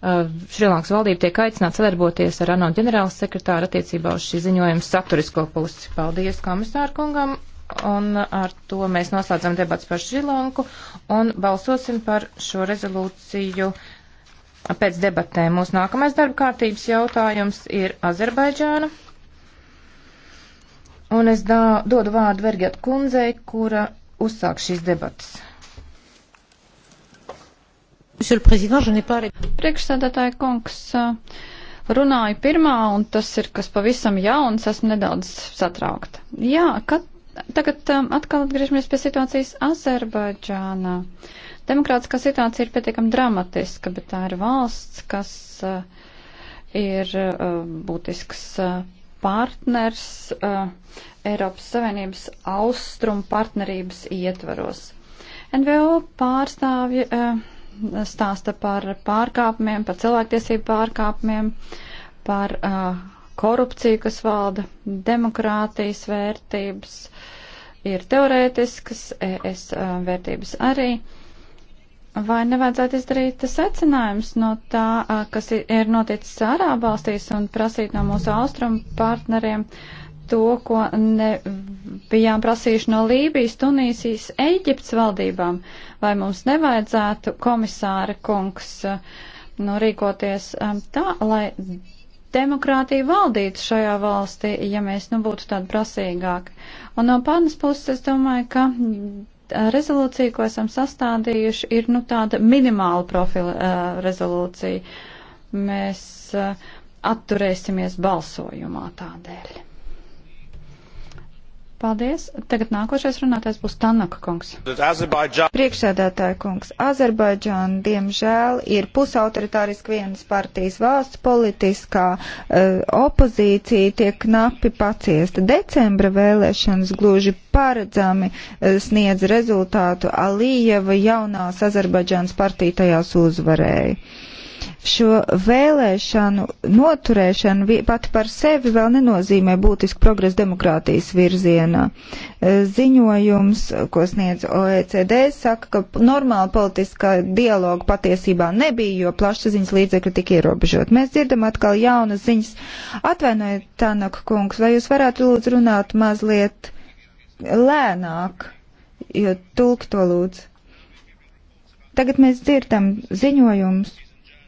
Šrilankas valdība tiek aicināta sadarboties ar ANO ģenerāla sekretāru attiecībā uz šī ziņojuma saturisko pusi. Paldies komisāru kungam, un ar to mēs noslēdzam debats par Šrilanku, un balsosim par šo rezolūciju pēc debatēm. Mūsu nākamais darba kārtības jautājums ir Azerbaidžāna. Un es dā, dodu vārdu Vergiet kundzei, kura uzsāk šīs debatas. Priekšsēdētāja kungs uh, runāju pirmā, un tas ir kas pavisam jauns, esmu nedaudz satraukta. Jā, kad, tagad um, atkal atgriežamies pie situācijas Azerbaidžānā. Demokrātiskā situācija ir pietiekami dramatiska, bet tā ir valsts, kas uh, ir uh, būtisks uh, partners uh, Eiropas Savienības austrumu partnerības ietvaros. NVO pārstāvji. Uh, stāsta par pārkāpumiem, par cilvēktiesību pārkāpumiem, par uh, korupciju, kas valda, demokrātijas vērtības ir teorētiskas, es uh, vērtības arī. Vai nevajadzētu izdarīt secinājums no tā, uh, kas ir noticis ārā valstīs un prasīt no mūsu austrumu partneriem? Uh, to, ko ne bijām prasījuši no Lībijas, Tunīsijas, Eģiptes valdībām, vai mums nevajadzētu komisāra kungs nu, rīkoties um, tā, lai demokrātija valdītu šajā valstī, ja mēs nu būtu tādi prasīgāki. Un no pārnes puses es domāju, ka uh, rezolūcija, ko esam sastādījuši, ir nu tāda minimāla profila uh, rezolūcija. Mēs uh, atturēsimies balsojumā tādēļ. Paldies. Tagad nākošais runātājs būs Tanaka kungs. Priekšsēdētāja kungs, Azerbaidžāna diemžēl ir pusautoritāriski vienas partijas valsts politiskā uh, opozīcija tiek knapi paciesta. Decembra vēlēšanas gluži paredzami uh, sniedz rezultātu Alijeva jaunās Azerbaidžānas partija tajās uzvarēja šo vēlēšanu noturēšana pati par sevi vēl nenozīmē būtisku progresu demokrātijas virzienā. E, ziņojums, ko sniedz OECD, saka, ka normāla politiskā dialoga patiesībā nebija, jo plašsaziņas līdzekļi tika ierobežot. Mēs dzirdam atkal jaunas ziņas. Atvainojiet, Tanaka kungs, vai jūs varētu lūdzu runāt mazliet lēnāk, jo tulk to lūdzu. Tagad mēs dzirdam ziņojumus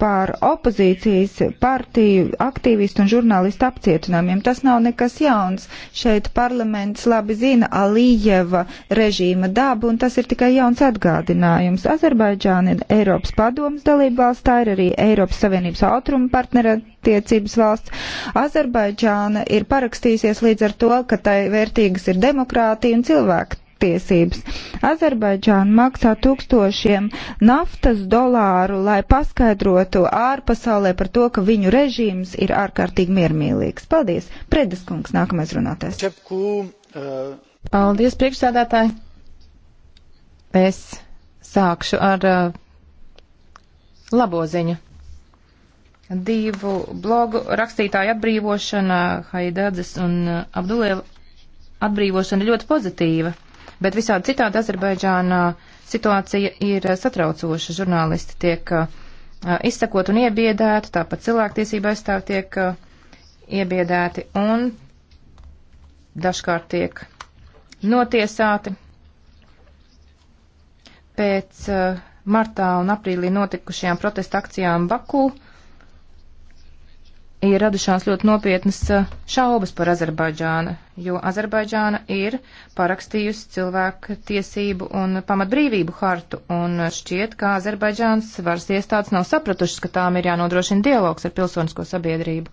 par opozīcijas partiju aktīvistu un žurnālistu apcietinājumiem. Tas nav nekas jauns. Šeit parlaments labi zina Alijeva režīma dabu, un tas ir tikai jauns atgādinājums. Azerbaidžāna ir Eiropas padomas dalība valsts, tā ir arī Eiropas Savienības autruma partnera attiecības valsts. Azerbaidžāna ir parakstījusies līdz ar to, ka tai vērtīgas ir demokrātija un cilvēku tiesības. Azerbaidžāna maksā tūkstošiem naftas dolāru, lai paskaidrotu ārpasaulē par to, ka viņu režīms ir ārkārtīgi miermīlīgs. Paldies! Predes kungs, nākamais runātājs. Uh, Paldies, priekšsēdētāji! Es sākšu ar uh, labo ziņu. Divu blogu rakstītāju atbrīvošana, Haidadzes un uh, Abdulēla atbrīvošana ļoti pozitīva. Bet visādi citādi Azerbaidžānā situācija ir eh, satraucoša. Žurnālisti tiek eh, eh, izsakot un iebiedēti, tāpat cilvēktiesība aizstāv tiek iebiedēti un dažkārt tiek notiesāti. Pēc martā un aprīlī notikušajām protesta akcijām Bakū ir radušās ļoti nopietnas eh, šaubas par Azerbaidžānu, jo Azerbaidžāna ir parakstījusi cilvēku tiesību un pamatbrīvību hartu, un šķiet, ka Azerbaidžāns varas iestādes nav sapratušas, ka tām ir jānodrošina dialogs ar pilsonisko sabiedrību.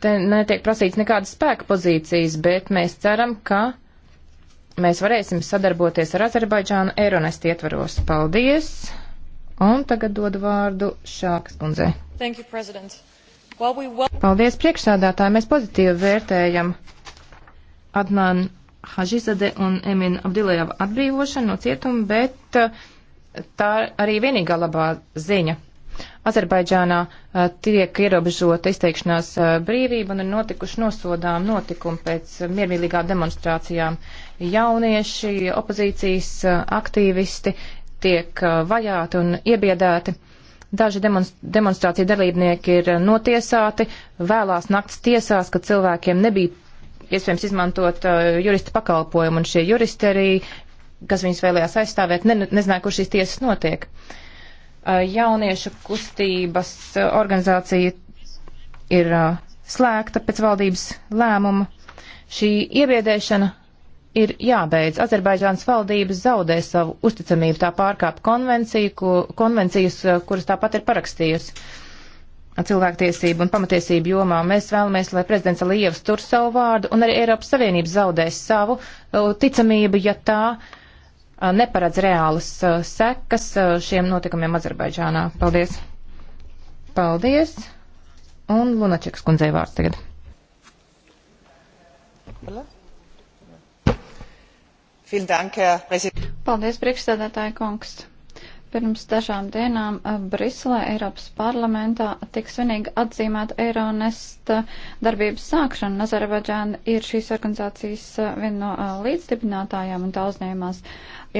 Te netiek prasīts nekādas spēka pozīcijas, bet mēs ceram, ka mēs varēsim sadarboties ar Azerbaidžānu Eironest ietvaros. Paldies! Un tagad dodu vārdu Šākas kundzei. We... Paldies priekšsādātāji, mēs pozitīvi vērtējam Adnan Hažizade un Emina Abdilējava atbrīvošanu no cietuma, bet eh, tā arī vienīgā labā ziņa Azerbaidžānā eh, tiek ierobežota izteikšanās eh, brīvība un ir notikuši nosodām notikumi pēc eh, miermīlīgām demonstrācijām. Jaunieši, opozīcijas aktīvisti tiek vajāti un iebiedēti. Daži demonstrāciju dalībnieki ir notiesāti vēlās naktas tiesās, kad cilvēkiem nebija iespējams izmantot uh, jurista pakalpojumu, un šie juristi arī, kas viņus vēlējās aizstāvēt, ne, nezināja, kur šīs tiesas notiek. Uh, Eh, jauniešu kustības eh, organizācija ir eh, slēgta pēc valdības lēmuma. Šī iebiedēšana ir jābeidz. Azerbaidžānas valdības zaudē savu uzticamību, tā pārkāp konvenciju, ko, konvencijas, kuras tāpat ir parakstījusi cilvēktiesību un pamatiesību jomā. Mēs vēlamies, lai prezidents Alievs tur savu vārdu un arī Eiropas Savienības zaudēs savu uh, ticamību, ja tā uh, Uh, neparedz reālas uh, sekas uh, šiem notikumiem Azerbaidžānā. Paldies! Paldies! Un Lunačekas kundzei vārds tagad. Paldies, priekšstādātāja kungs! Pirms dažām dienām eh, Briselē, Eiropas parlamentā, tik svinīgi atzīmēta Eironest eh, darbības sākšana. Azerbaidžāna ir šīs organizācijas eh, viena no līdzstiprinātājām un tā uzņēmās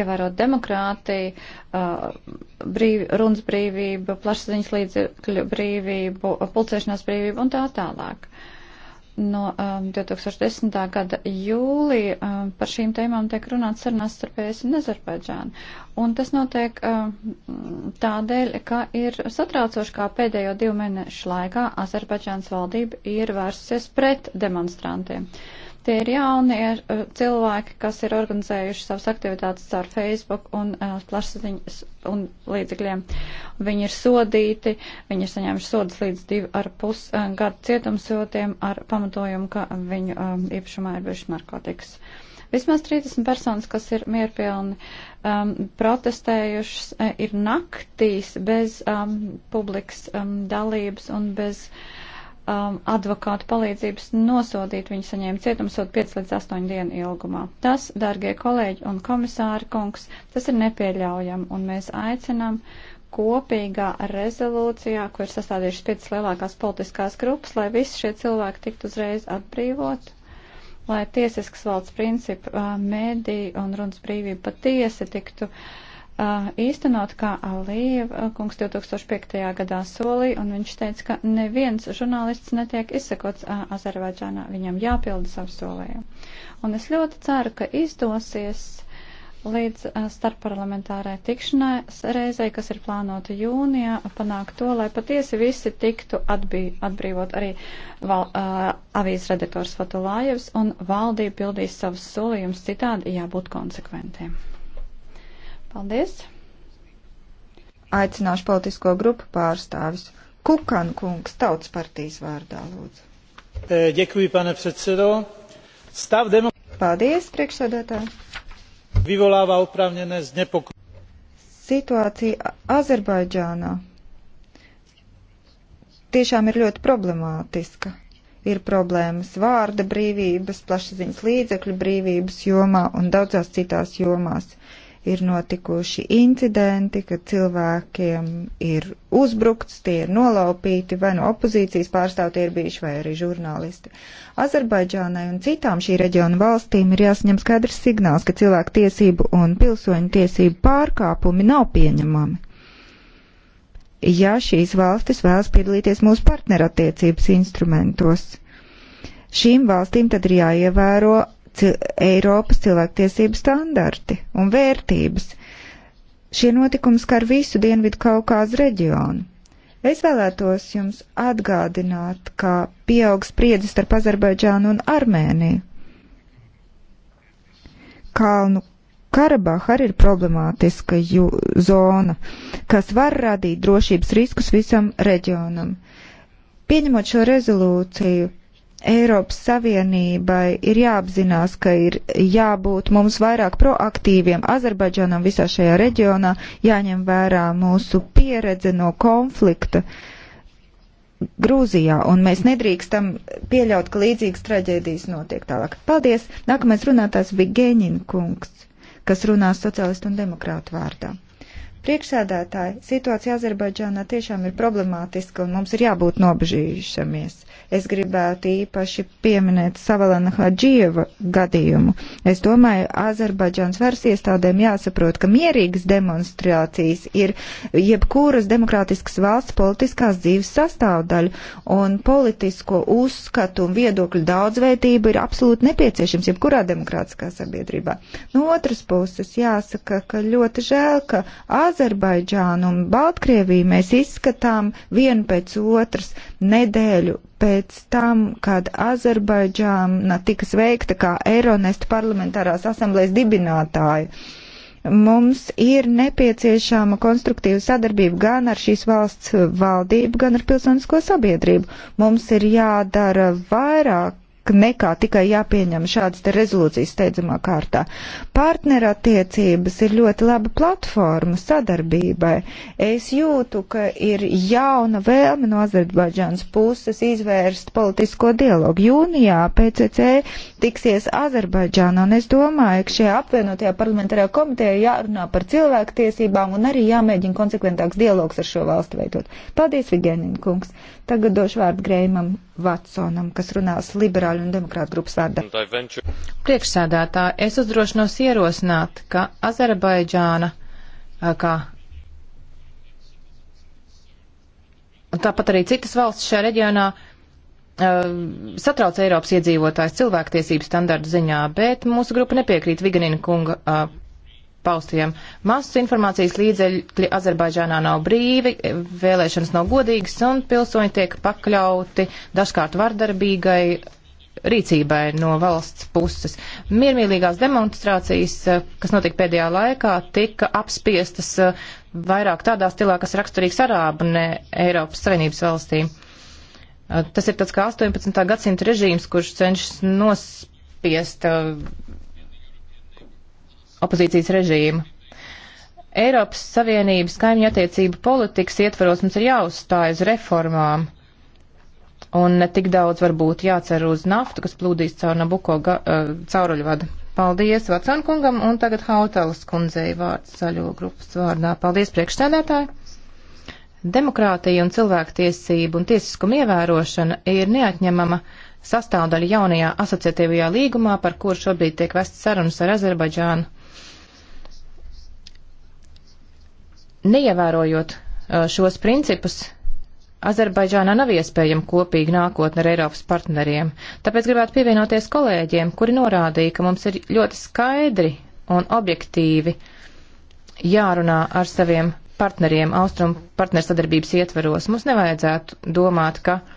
ievērot demokrātiju, brīv, runas brīvību, plašsaziņas līdzekļu brīvību, pulcēšanās brīvību un tā tālāk. Uh, No um, 2010. gada jūlija um, par šīm tēmām tiek runāts sarunās starp ES un Azerbaidžānu. Un tas notiek um, tādēļ, ka ir satraucoši, kā pēdējo divu mēnešu laikā Azerbaidžānas valdība ir vērsusies pret demonstrantiem. Uh, Tie ir jaunie uh, cilvēki, kas ir organizējuši savas aktivitātes caur Facebook un uh, plašsaziņas un līdzekļiem. Viņi ir sodīti, viņi ir saņēmuši sodas līdz divu ar pus uh, gadu cietumsotiem ar pamatojumu, ka viņu um, īpašumā ir bijuši narkotikas. Vismaz 30 personas, kas ir mierpilni um, protestējušas, uh, ir naktīs bez um, publikas um, dalības un bez. Uh, um, advokātu palīdzības nosodīt, viņi saņēma cietumsodu 5 līdz 8 dienu ilgumā. Tas, dārgie kolēģi un komisāri kungs, tas ir nepieļaujami, un mēs aicinām kopīgā rezolūcijā, kur ir sastādījušas 5 lielākās politiskās grupas, lai visi šie cilvēki tiktu uzreiz atbrīvot, lai tiesisks valsts principi, uh, mēdī un runas brīvība patiesi tiktu. Uh, īstenot, kā Alīja kungs 2005. gadā solīja, un viņš teica, ka neviens žurnālists netiek izsakots Azerbaidžānā, viņam jāpilda savu solījumu. Un es ļoti ceru, ka izdosies līdz starpparlamentārai tikšanai reizei, kas ir plānota jūnijā, panākt to, lai patiesi visi tiktu atbī, atbrīvot arī val, uh, avīzes redaktors Fatulājevs un valdība pildīs savus solījumus citādi jābūt konsekventiem. Paldies! Aicināšu politisko grupu pārstāvis. Kukan kungs, tautas partijas vārdā, lūdzu. Ďakujú, e, pane predsedo. Stav demo... Paldies, priekšsēdētāji. Vyvolāvā oprávnené znepokojenie. Situācija Azerbaidžānā tiešām ir ļoti problemātiska. Ir problēmas vārda brīvības, plašsaziņas līdzekļu brīvības jomā un daudzās citās jomās. Uh, ir notikuši incidenti, kad cilvēkiem ir uzbrukts, tie ir nolaupīti, vai no nu opozīcijas pārstāv tie ir bijuši, vai arī žurnālisti. Azerbaidžānai un citām šī reģiona valstīm ir jāsaņem skaidrs signāls, ka cilvēku tiesību un pilsoņu tiesību pārkāpumi nav pieņemami. Ja šīs valstis vēlas piedalīties mūsu partnerattiecības instrumentos, šīm valstīm tad ir jāievēro cil Eiropas cilvēktiesību standarti un vērtības. Šie notikumi skar visu Dienvidu Kaukāzu reģionu. Es vēlētos jums atgādināt, ka pieaug spriedzes starp Azerbaidžānu un Armēniju. Kalnu Karabaha arī ir problemātiska zona, kas var radīt drošības riskus visam reģionam. Pieņemot šo rezolūciju, Eiropas Savienībai ir jāapzinās, ka ir jābūt mums vairāk proaktīviem Azerbaidžanam visā šajā reģionā, jāņem vērā mūsu pieredze no konflikta Grūzijā, un mēs nedrīkstam pieļaut, ka līdzīgas traģēdijas notiek tālāk. Paldies! Nākamais runātājs bija Geņina kungs, kas runās socialistu un demokrātu vārdā. Priekšsēdētāji, situācija Azerbaidžānā tiešām ir problemātiska un mums ir jābūt nobežīšamies. Es gribētu īpaši pieminēt Savalana Hadžieva gadījumu. Es domāju, Azerbaidžāns varas iestādēm jāsaprot, ka mierīgas demonstrācijas ir jebkuras demokrātiskas valsts politiskās dzīves sastāvdaļa un politisko uzskatu un viedokļu daudzveidība ir absolūti nepieciešams jebkurā demokrātiskā sabiedrībā. No otras puses jāsaka, ka ļoti žēl, ka Azerbaidžānu un Baltkrieviju mēs izskatām vienu pēc otras nedēļu pēc tam, kad Azerbaidžāna tika sveikta kā Eironest parlamentārās asamblēs dibinātāja. Mums ir nepieciešama konstruktīva sadarbība gan ar šīs valsts valdību, gan ar pilsonisko sabiedrību. Mums ir jādara vairāk vairāk nekā tikai jāpieņem šādas te rezolūcijas steidzamā kārtā. Partnerattiecības ir ļoti laba platforma sadarbībai. Es jūtu, ka ir jauna vēlme no Azerbaidžānas puses izvērst politisko dialogu. Jūnijā PCC tiksies Azerbaidžāna, un es domāju, ka šajā apvienotajā parlamentārajā komitejā jārunā par cilvēktiesībām un arī jāmēģina konsekventāks dialogs ar šo valstu veidot. Paldies, Vigēnin kungs! Tagad došu vārdu Grējumam Vatsonam, kas runās liberāļu liberāļu un demokrātu grupas vārdā. Priekšsēdētā es uzdrošinos ierosināt, ka Azerbaidžāna kā un tāpat arī citas valsts šajā reģionā satrauc Eiropas iedzīvotājs cilvēktiesību standartu ziņā, bet mūsu grupa nepiekrīt Viganina kunga paustajiem. Masu informācijas līdzekļi Azerbaidžānā nav brīvi, vēlēšanas nav godīgas un pilsoņi tiek pakļauti dažkārt vardarbīgai rīcībai no valsts puses. Miermīlīgās demonstrācijas, eh, kas notika pēdējā laikā, tika apspiestas eh, vairāk tādā stilā, kas raksturīgs arābu ne Eiropas Savienības valstīm. Eh, tas ir tāds kā 18. gadsimta režīms, kurš cenšas nospiest opozīcijas režīmu. Eiropas Savienības kaimiņu attiecību politikas ietvaros mums ir jāuzstāj uz reformām un ne tik daudz varbūt jācer uz naftu, kas plūdīs caur Nabuko ga, uh, cauruļvadu. Paldies Vacankungam un tagad Hautalas kundzei vārds zaļo grupas vārdā. Paldies priekšsēdētāji! Demokrātija un cilvēktiesība un tiesiskuma ievērošana ir neatņemama sastāvdaļa jaunajā asociatīvajā līgumā, par kur šobrīd tiek vestas sarunas ar Azerbaidžānu. Neievērojot eh, šos principus, Azerbaidžānā nav iespējama kopīga nākotne ar Eiropas partneriem, tāpēc gribētu pievienoties kolēģiem, kuri norādīja, ka mums ir ļoti skaidri un objektīvi jārunā ar saviem partneriem austrumu partnersadarbības ietveros. Mums nevajadzētu domāt, ka uh,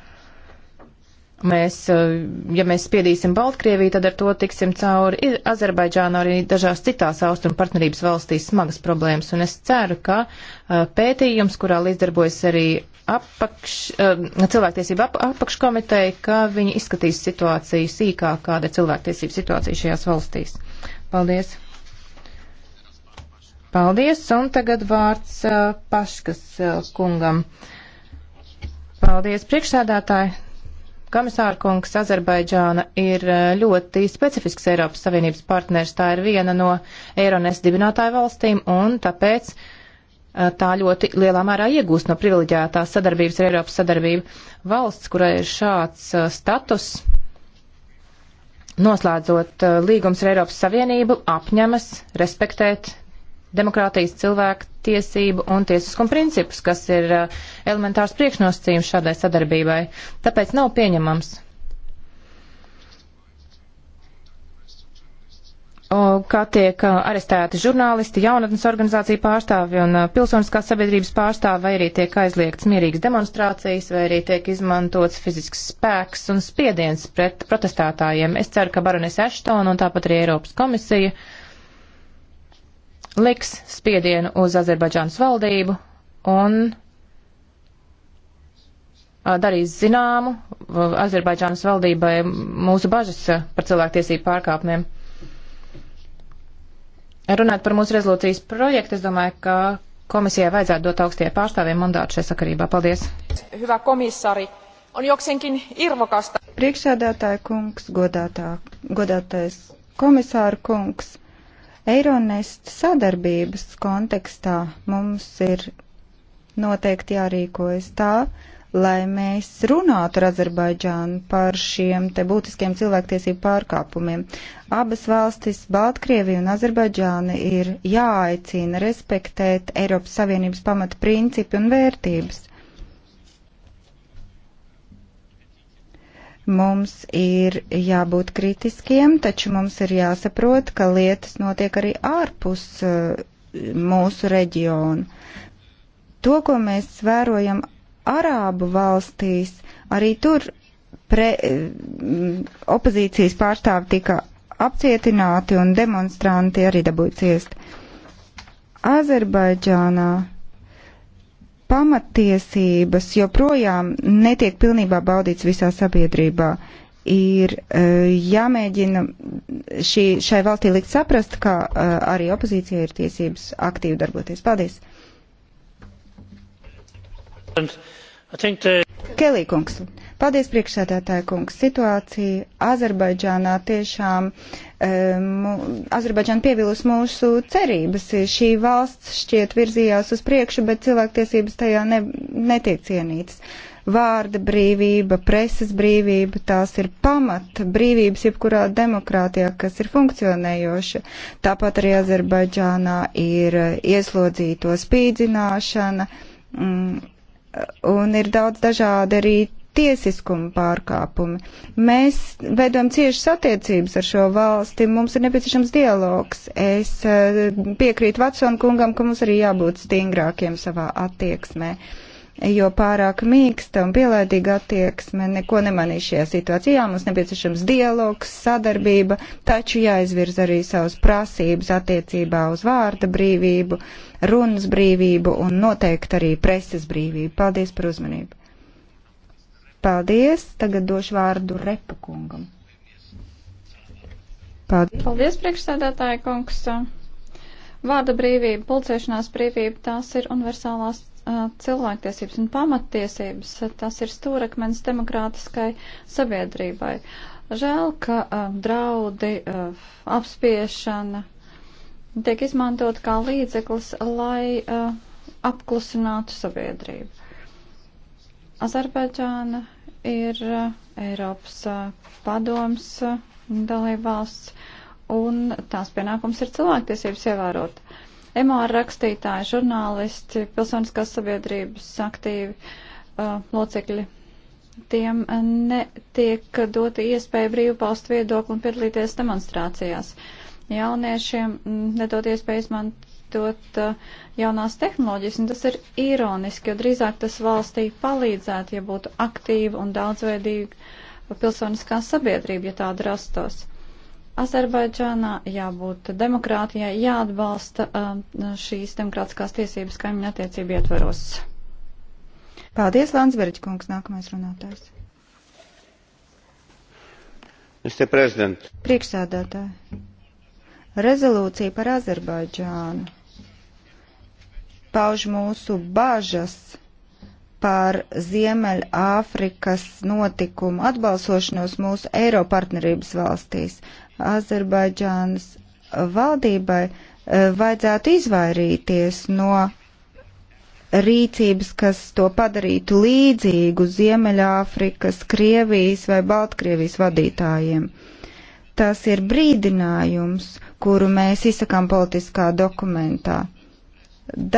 Mēs, eh, ja mēs spiedīsim Baltkrieviju, tad ar to tiksim cauri ir Azerbaidžāna arī dažās citās austrumu partnerības valstīs smagas problēmas. Un es ceru, ka eh, pētījums, kurā līdzdarbojas arī apakš, eh, cilvēktiesība ap, apakškomiteja, ka viņi izskatīs situāciju sīkāk, kāda ir cilvēktiesība situācija šajās valstīs. Paldies! Paldies! Un tagad vārds Paškas kungam. Paldies, priekšsēdētāji, Komisāra kungs, Azerbaidžāna ir eh, ļoti specifisks Eiropas Savienības partners. Tā ir viena no Eirones dibinātāju valstīm un tāpēc eh, tā ļoti lielā mērā iegūst no privileģētās sadarbības ar Eiropas sadarbību. Valsts, kurai ir šāds eh, status, noslēdzot līgums ar Eiropas Savienību, apņemas respektēt demokrātijas cilvēku tiesību un tiesiskuma principus, kas ir uh, elementārs priekšnosacījums šādai sadarbībai. Tāpēc nav pieņemams. Kā tiek uh, arestēti žurnālisti, jaunatnes organizāciju pārstāvi un uh, pilsoniskās sabiedrības pārstāvi, vai arī tiek aizliegts mierīgas demonstrācijas, vai arī tiek izmantots fizisks spēks un spiediens pret protestētājiem. Es ceru, ka baronis Ashton un tāpat arī Eiropas komisija uh, liks spiedienu uz Azerbaidžānas valdību un darīs zināmu Azerbaidžānas valdībai mūsu bažas par cilvēktiesību pārkāpumiem. Runāt par mūsu rezolūcijas projektu, es domāju, ka komisijai vajadzētu dot augstie pārstāvjiem mandātu šajā sakarībā. Paldies! Hyvä komisāri, on jokseenkin irvokasta. Priekšsēdētāja kungs, godātā, godātais komisāra kungs. Eironest sadarbības kontekstā mums ir noteikti jārīkojas tā, lai mēs runātu ar Azerbaidžānu par šiem te būtiskiem cilvēktiesību pārkāpumiem. Abas valstis, Baltkrievija un Azerbaidžāna, ir jāaicina respektēt Eiropas Savienības pamata principi un vērtības. Mums ir jābūt kritiskiem, taču mums ir jāsaprot, ka lietas notiek arī ārpus eh, mūsu reģionu. To, ko mēs vērojam Arābu valstīs, arī tur pre, eh, opozīcijas pārstāvi tika apcietināti un demonstranti arī dabūja ciest. Azerbaidžānā pamatiesības joprojām netiek pilnībā baudīts visā sabiedrībā. Ir uh, jāmēģina šī, šai valstī likt saprast, ka uh, arī opozīcija ir tiesības aktīvi darboties. Paldies! They... Kelīkungs. Paldies, priekšsēdētāja kungs. Situācija Azerbaidžānā tiešām, um, Azerbaidžāna pievilus mūsu cerības. Šī valsts šķiet virzījās uz priekšu, bet cilvēktiesības tajā ne, netiek cienītas. Vārda brīvība, preses brīvība, tās ir pamata brīvības jebkurā demokrātijā, kas ir funkcionējoša. Tāpat arī Azerbaidžānā ir eh, ieslodzīto spīdzināšana. Mm, un ir daudz dažādi arī tiesiskuma pārkāpumi. Mēs veidojam ciešas attiecības ar šo valsti, mums ir nepieciešams dialogs. Es eh, piekrītu Vatsona kungam, ka mums arī jābūt stingrākiem savā attieksmē. Uh, jo pārāk mīksta un pielaidīga attieksme neko nemanīs šajā situācijā. Mums nepieciešams dialogs, sadarbība, taču jāizvirza arī savas prasības attiecībā uz vārda brīvību, runas brīvību un noteikti arī preses brīvību. Paldies par uzmanību. Paldies. Tagad došu vārdu repakungam. Paldies. Paldies, priekšsēdētāja kungs. Vārda brīvība, pulcēšanās brīvība, tās ir universālās cilvēktiesības un pamattiesības, tas ir stūrakmens demokrātiskai sabiedrībai. Žēl, ka draudi, apspiešana tiek izmantot kā līdzeklis, lai apklusinātu sabiedrību. Azerbaidžāna ir Eiropas padoms dalībvalsts, un tās pienākums ir cilvēktiesības ievērot. Uh, MR rakstītāji, žurnālisti, pilsoniskās sabiedrības aktīvi uh, locekļi. Tiem uh, netiek dota iespēja brīvi paust viedokli un piedalīties demonstrācijās. Jauniešiem mm, nedod iespēju izmantot uh, jaunās tehnoloģijas, un tas ir ironiski, jo drīzāk tas valstī palīdzētu, ja būtu aktīva un daudzveidīga pilsoniskā sabiedrība, ja tāda rastos. Azerbaidžānā jābūt demokrātijai, jāatbalsta um, šīs demokrātiskās tiesības kaimiņa attiecību ietvaros. Paldies, Landsberģi kungs, nākamais runātājs. Mr. President. Priekšsēdētāji. Rezolūcija par Azerbaidžānu pauž mūsu bažas par Ziemeļāfrikas notikumu atbalsošanos mūsu Eiro partnerības valstīs. Azerbaidžānas valdībai e, vajadzētu izvairīties no rīcības, kas to padarītu līdzīgu Ziemeļāfrikas, Krievijas vai Baltkrievijas vadītājiem. Tas ir brīdinājums, kuru mēs izsakām politiskā dokumentā.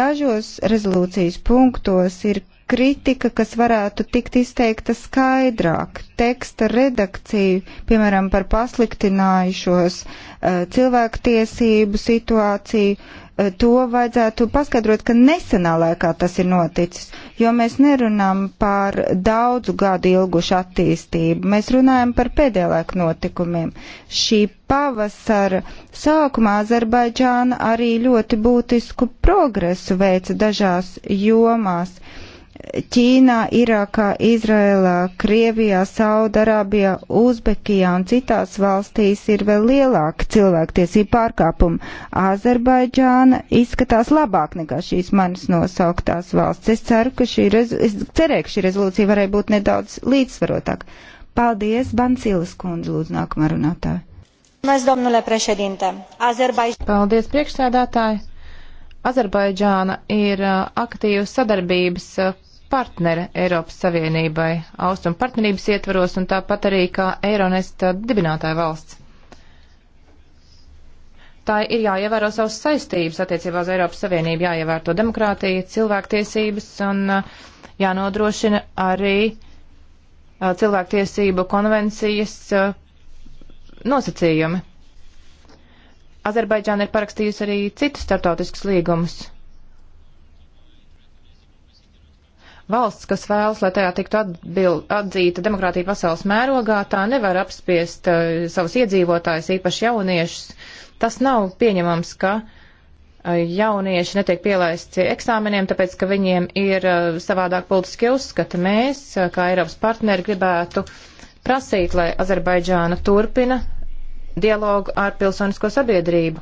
Dažos rezolūcijas punktos ir kritika, kas varētu tikt izteikta skaidrāk. Teksta redakcija, piemēram, par pasliktinājušos eh, cilvēktiesību situāciju, eh, to vajadzētu paskaidrot, ka nesenā laikā tas ir noticis, jo mēs nerunām par daudzu gadu ilgušu attīstību, mēs runājam par pēdējā laika notikumiem. Šī pavasara sākumā Azerbaidžāna arī ļoti būtisku progresu veica dažās jomās. Uh, Ķīnā, Irākā, Izrēlā, Krievijā, Saudarābijā, Uzbekijā un citās valstīs ir vēl lielāka cilvēktiesība pārkāpuma. Azerbaidžāna izskatās labāk nekā šīs manas nosauktās valsts. Es ceru, ka šī, rezu... es cerēju, ka šī rezolūcija varēja būt nedaudz līdzsvarotāk. Paldies, Bancīlas kundze, lūdzu nākamā runātāja. Paldies, priekšsēdētāji! Azerbaidžāna ir uh, aktīvas sadarbības uh, partnere Eiropas Savienībai austrumu partnerības ietvaros un tāpat arī kā Eironesta dibinātāja valsts. Tā ir jāievēro savas saistības attiecībā uz Eiropas Savienību, jāievērto demokrātija, cilvēktiesības un uh, jānodrošina arī uh, cilvēktiesību konvencijas uh, nosacījumi. Azerbaidžāna ir parakstījusi arī citus startautiskus līgumus Valsts, kas vēlas, lai tajā tiktu atbil, atzīta demokrātija pasaules mērogā, tā nevar apspiest uh, savus iedzīvotājus, īpaši jauniešus. Tas nav pieņemams, ka uh, jaunieši netiek pielaisti eksāmeniem, tāpēc, ka viņiem ir uh, savādāk politiskie uzskati. Mēs, uh, kā Eiropas partneri, gribētu prasīt, lai Azerbaidžāna turpina dialogu ar pilsonisko sabiedrību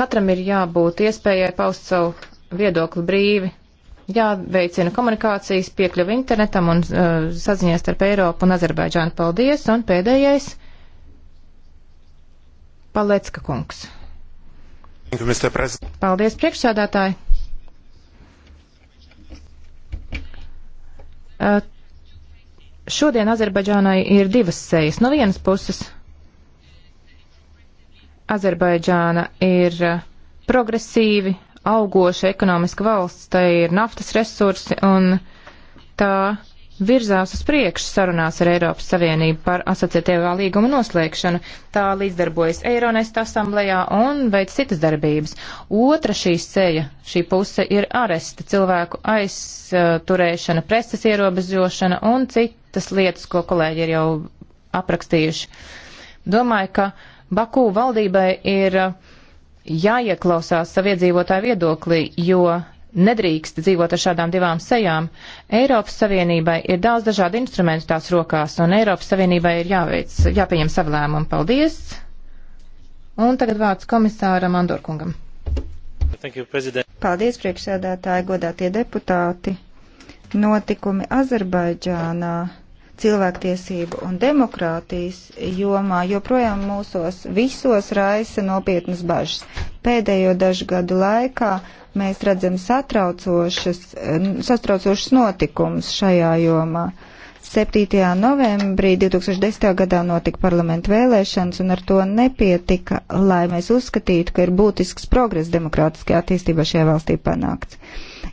katram ir jābūt iespējai paust savu viedokli brīvi. Jāveicina komunikācijas, piekļuvi internetam un uh, saziņās starp Eiropu un Azerbaidžānu. Paldies! Un pēdējais - Palecka kungs. Paldies, priekšsādātāji! Uh, šodien Azerbaidžānai ir divas sejas. No vienas puses Azerbaidžāna ir uh, progresīvi augoša ekonomiska valsts, tai ir naftas resursi un tā virzās uz priekšu sarunās ar Eiropas Savienību par asociatīvā līguma noslēgšanu. Tā līdzdarbojas Eironest asamblējā un veic citas darbības. Otra šīs ceļa, šī puse ir aresta, cilvēku aizturēšana, preses ierobežošana un citas lietas, ko kolēģi ir jau aprakstījuši. Domāju, ka Baku valdībai ir uh, jāieklausās saviedzīvotāju viedoklī, jo nedrīkst dzīvot ar šādām divām sejām. Eiropas Savienībai ir daudz dažādu instrumentu tās rokās, un Eiropas Savienībai ir jāveic, jāpieņem savu lēmumu. Paldies! Un tagad vārds komisāram Andorkungam. You, Paldies, priekšsēdētāji, godātie deputāti! Notikumi Azerbaidžānā cilvēktiesību un demokrātijas jomā joprojām mūsos visos raisa nopietnas bažas. Pēdējo dažu gadu laikā mēs redzam satraucošas, satraucošas notikumus šajā jomā. 7. novembrī 2010. gadā notika parlamentu vēlēšanas, un ar to nepietika, lai mēs uzskatītu, ka ir būtisks progress demokrātiskajā attīstībā šajā valstī panākts.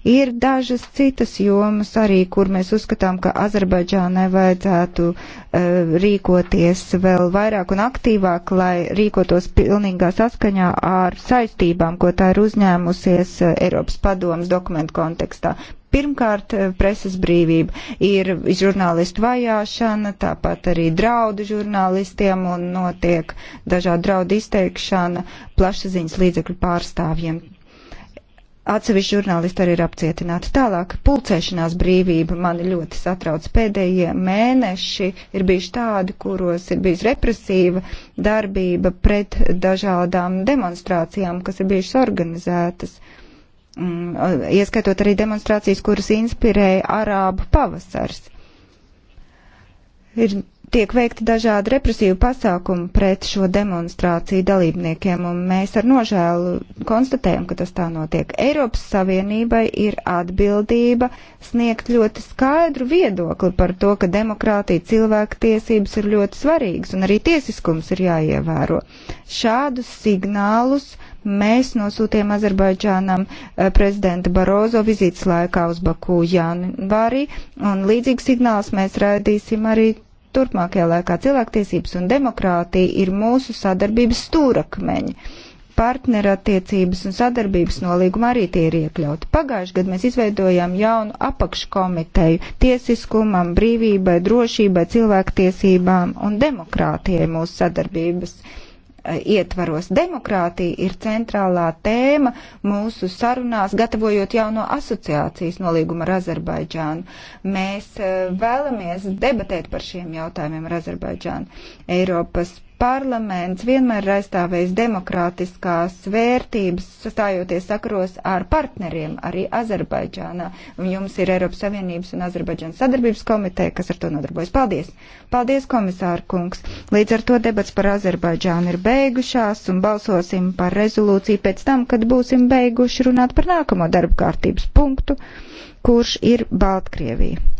Ir dažas citas jomas arī, kur mēs uzskatām, ka Azerbaidžānai vajadzētu uh, rīkoties vēl vairāk un aktīvāk, lai rīkotos pilnīgā saskaņā ar saistībām, ko tā ir uzņēmusies uh, Eiropas padomas dokumentu kontekstā. Pirmkārt, eh, preses brīvība ir žurnālistu vajāšana, tāpat arī draudi žurnālistiem un notiek dažādi draudi izteikšana plašsaziņas līdzekļu pārstāvjiem. Atsevišķi žurnālisti arī ir apcietināti. Tālāk pulcēšanās brīvība mani ļoti satrauc. Pēdējie mēneši ir bijuši tādi, kuros ir bijusi represīva darbība pret dažādām demonstrācijām, kas ir bijušas organizētas. Mm, ieskaitot arī demonstrācijas, kuras inspirēja Arābu pavasars. Ir tiek veikti dažādi represīvi pasākumi pret šo demonstrāciju dalībniekiem, un mēs ar nožēlu konstatējam, ka tas tā notiek. Eiropas Savienībai ir atbildība sniegt ļoti skaidru viedokli par to, ka demokrātija, cilvēka tiesības ir ļoti svarīgas, un arī tiesiskums ir jāievēro. Šādus signālus mēs nosūtījām Azerbaidžānam eh, prezidenta Barozo vizītes laikā uz Baku janvārī, un līdzīgs signāls mēs raidīsim arī turpmākajā laikā. Cilvēktiesības un demokrātija ir mūsu sadarbības stūrakmeņi partnerattiecības un sadarbības nolīguma arī tie ir iekļauti. Pagājuši gadu mēs izveidojām jaunu apakškomiteju tiesiskumam, brīvībai, drošībai, cilvēktiesībām un demokrātijai mūsu sadarbības Eh, ietvaros. Demokrātija ir centrālā tēma mūsu sarunās, gatavojot jauno asociācijas nolīgumu ar Azerbaidžānu. Mēs eh, vēlamies debatēt par šiem jautājumiem ar Azerbaidžānu. Eiropas Parlaments vienmēr ir aizstāvējis demokrātiskās vērtības, sastājoties sakros ar partneriem, arī Azerbaidžānā. Un jums ir Eiropas Savienības un Azerbaidžānas sadarbības komiteja, kas ar to nodarbojas. Paldies! Paldies, komisāra kungs! Līdz ar to debats par Azerbaidžānu ir beigušās un balsosim par rezolūciju pēc tam, kad būsim beiguši runāt par nākamo darba kārtības punktu, kurš ir Baltkrievija.